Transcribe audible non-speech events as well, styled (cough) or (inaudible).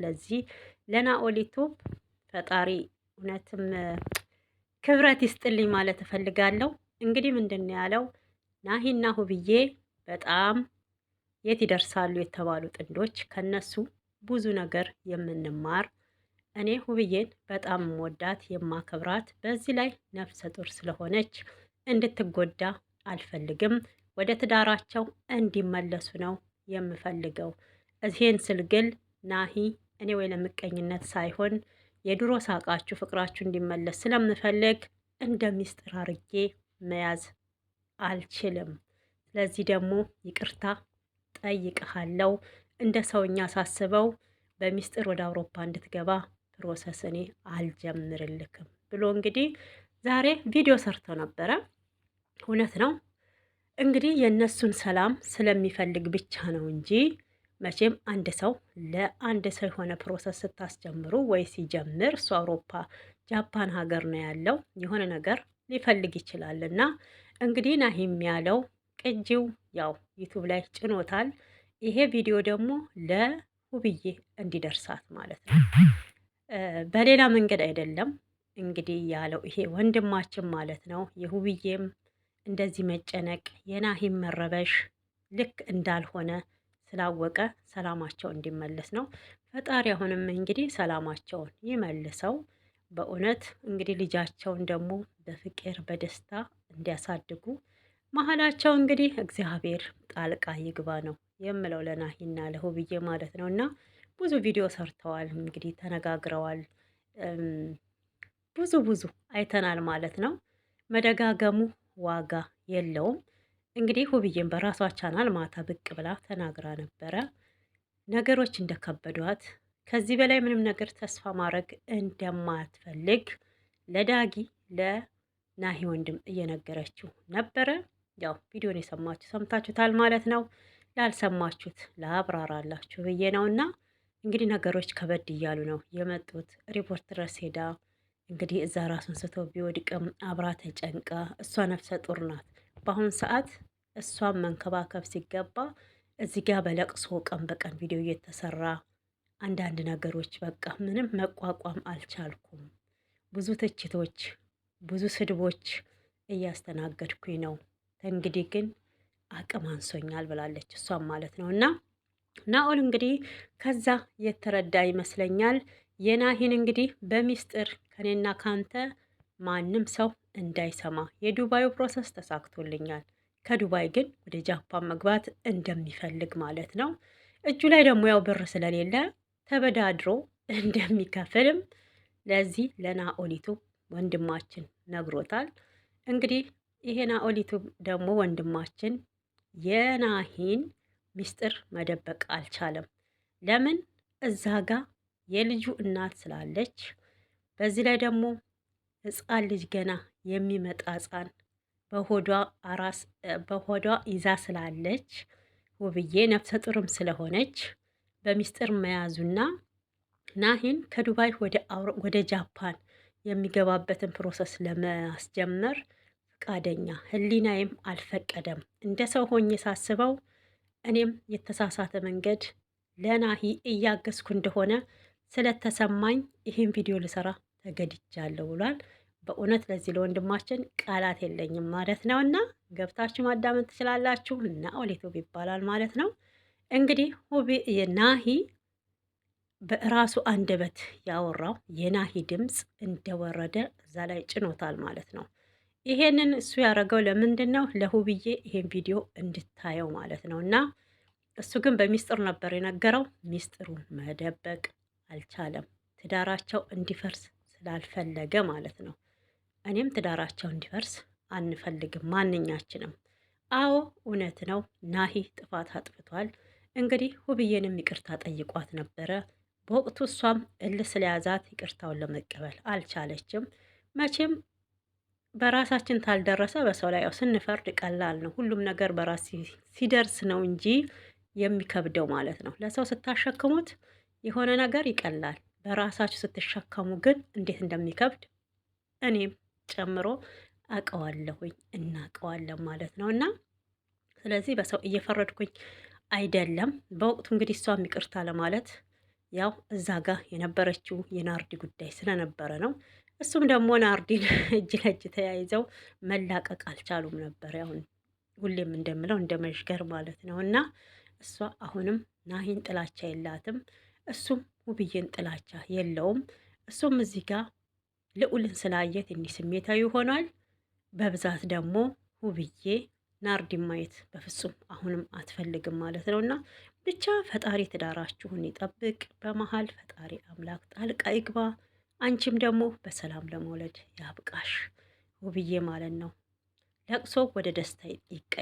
ስለዚህ ለናኦሊቱብ ፈጣሪ እውነትም ክብረት ይስጥልኝ ማለት እፈልጋለሁ። እንግዲህ ምንድን ነው ያለው ናሂና ሁብዬ በጣም የት ይደርሳሉ የተባሉ ጥንዶች ከነሱ ብዙ ነገር የምንማር እኔ ሁብዬን በጣም ወዳት የማከብራት፣ በዚህ ላይ ነፍሰ ጡር ስለሆነች እንድትጎዳ አልፈልግም። ወደ ትዳራቸው እንዲመለሱ ነው የምፈልገው። እዚህን ስልግል ናሂ እኔ ወይ ለምቀኝነት ሳይሆን የድሮ ሳቃችሁ ፍቅራችሁ እንዲመለስ ስለምፈልግ እንደ ሚስጥር አርጌ መያዝ አልችልም። ስለዚህ ደግሞ ይቅርታ ጠይቅሃለው። እንደ ሰውኛ ሳስበው በሚስጥር ወደ አውሮፓ እንድትገባ ፕሮሰስ እኔ አልጀምርልክም ብሎ እንግዲህ ዛሬ ቪዲዮ ሰርቶ ነበረ። እውነት ነው እንግዲህ የእነሱን ሰላም ስለሚፈልግ ብቻ ነው እንጂ መቼም አንድ ሰው ለአንድ ሰው የሆነ ፕሮሰስ ስታስጀምሩ ወይ ሲጀምር እሱ አውሮፓ ጃፓን ሀገር ነው ያለው የሆነ ነገር ሊፈልግ ይችላል። እና እንግዲህ ናሂም ያለው ቅጂው ያው ዩቱብ ላይ ጭኖታል። ይሄ ቪዲዮ ደግሞ ለሁብዬ እንዲደርሳት ማለት ነው፣ በሌላ መንገድ አይደለም። እንግዲህ ያለው ይሄ ወንድማችን ማለት ነው። የሁብዬም እንደዚህ መጨነቅ የናሂም መረበሽ ልክ እንዳልሆነ ስላወቀ ሰላማቸው እንዲመለስ ነው። ፈጣሪ አሁንም እንግዲህ ሰላማቸውን ይመልሰው። በእውነት እንግዲህ ልጃቸውን ደግሞ በፍቅር በደስታ እንዲያሳድጉ መሀላቸው እንግዲህ እግዚአብሔር ጣልቃ ይግባ ነው የምለው ለናሂና ለሁብዬ ማለት ነው። እና ብዙ ቪዲዮ ሰርተዋል እንግዲህ ተነጋግረዋል። ብዙ ብዙ አይተናል ማለት ነው። መደጋገሙ ዋጋ የለውም። እንግዲህ ውብዬን በራሷ ቻናል ማታ ብቅ ብላ ተናግራ ነበረ። ነገሮች እንደከበዷት ከዚህ በላይ ምንም ነገር ተስፋ ማድረግ እንደማትፈልግ ለዳጊ ለናሂ ወንድም እየነገረችው ነበረ። ያው ቪዲዮን የሰማችሁ ሰምታችሁታል ማለት ነው። ላልሰማችሁት ላብራራላችሁ ብዬ ነው። እና እንግዲህ ነገሮች ከበድ እያሉ ነው የመጡት። ሪፖርት ድረስ ሄዳ እንግዲህ እዛ ራሱን ስቶ ቢወድቅም አብራ ተጨንቃ እሷ ነፍሰ ጡር ናት በአሁኑ ሰዓት እሷን መንከባከብ ሲገባ እዚህ ጋር በለቅሶ ቀን በቀን ቪዲዮ እየተሰራ አንዳንድ ነገሮች በቃ ምንም መቋቋም አልቻልኩም። ብዙ ትችቶች፣ ብዙ ስድቦች እያስተናገድኩኝ ነው። እንግዲህ ግን አቅም አንሶኛል ብላለች እሷም ማለት ነው እና ናኦል እንግዲህ ከዛ የተረዳ ይመስለኛል የናሂን እንግዲህ በሚስጥር ከኔና ካንተ ማንም ሰው እንዳይሰማ የዱባዩ ፕሮሰስ ተሳክቶልኛል። ከዱባይ ግን ወደ ጃፓን መግባት እንደሚፈልግ ማለት ነው። እጁ ላይ ደግሞ ያው ብር ስለሌለ ተበዳድሮ እንደሚከፍልም ለዚህ ለናኦሊቱ ወንድማችን ነግሮታል። እንግዲህ ይሄ ናኦሊቱ ደግሞ ወንድማችን የናሂን ሚስጥር መደበቅ አልቻለም። ለምን እዛ ጋ የልጁ እናት ስላለች፣ በዚህ ላይ ደግሞ ህፃን ልጅ ገና የሚመጣ ህፃን በሆዷ ይዛ ስላለች ውብዬ ነፍሰ ጡርም ስለሆነች በሚስጥር መያዙና ናሂን ከዱባይ ወደ ጃፓን የሚገባበትን ፕሮሰስ ለማስጀመር ፈቃደኛ ህሊናዬም አልፈቀደም። እንደ ሰው ሆኜ ሳስበው እኔም የተሳሳተ መንገድ ለናሂ እያገዝኩ እንደሆነ ስለተሰማኝ ይህን ቪዲዮ ልሰራ ተገድቻለሁ ብሏል። በእውነት ለዚህ ለወንድማችን ቃላት የለኝም ማለት ነው እና ገብታችሁ ማዳመጥ ትችላላችሁ። ና ዩቲዩብ ይባላል ማለት ነው። እንግዲህ ውቤ የናሂ በራሱ አንደበት ያወራው የናሂ ድምፅ እንደወረደ እዛ ላይ ጭኖታል ማለት ነው። ይሄንን እሱ ያደረገው ለምንድን ነው? ለሁብዬ ይሄን ቪዲዮ እንድታየው ማለት ነው እና እሱ ግን በሚስጥር ነበር የነገረው። ሚስጥሩን መደበቅ አልቻለም። ትዳራቸው እንዲፈርስ ስላልፈለገ ማለት ነው። እኔም ትዳራቸው እንዲፈርስ አንፈልግም ማንኛችንም። አዎ እውነት ነው፣ ናሂ ጥፋት አጥፍቷል። እንግዲህ ሁብዬንም ይቅርታ ጠይቋት ነበረ በወቅቱ። እሷም እልህ ስለያዛት ይቅርታውን ለመቀበል አልቻለችም። መቼም በራሳችን ታልደረሰ በሰው ላይ ያው ስንፈርድ ቀላል ነው። ሁሉም ነገር በራስ ሲደርስ ነው እንጂ የሚከብደው ማለት ነው። ለሰው ስታሸክሙት የሆነ ነገር ይቀላል። በራሳችሁ ስትሸከሙ ግን እንዴት እንደሚከብድ እኔም ጨምሮ አቀዋለሁኝ እናቀዋለን ማለት ነው። እና ስለዚህ በሰው እየፈረድኩኝ አይደለም። በወቅቱ እንግዲህ እሷ ይቅርታ ለማለት ያው እዛ ጋር የነበረችው የናርዲ ጉዳይ ስለነበረ ነው። እሱም ደግሞ ናርዲን (laughs) እጅ ለእጅ ተያይዘው መላቀቅ አልቻሉም ነበር። ያሁን ሁሌም እንደምለው እንደ መዥገር ማለት ነው እና እሷ አሁንም ናሂን ጥላቻ የላትም እሱም ውብዬን ጥላቻ የለውም። እሱም እዚህ ጋር ልዑልን ስላየ ትንሽ ስሜታዊ ይሆናል። በብዛት ደግሞ ውብዬ ናርዲ ማየት በፍጹም አሁንም አትፈልግም ማለት ነው። እና ብቻ ፈጣሪ ትዳራችሁን ይጠብቅ። በመሀል ፈጣሪ አምላክ ጣልቃ ይግባ። አንቺም ደግሞ በሰላም ለመውለድ ያብቃሽ ውብዬ ማለት ነው። ለቅሶ ወደ ደስታ ይቀየር።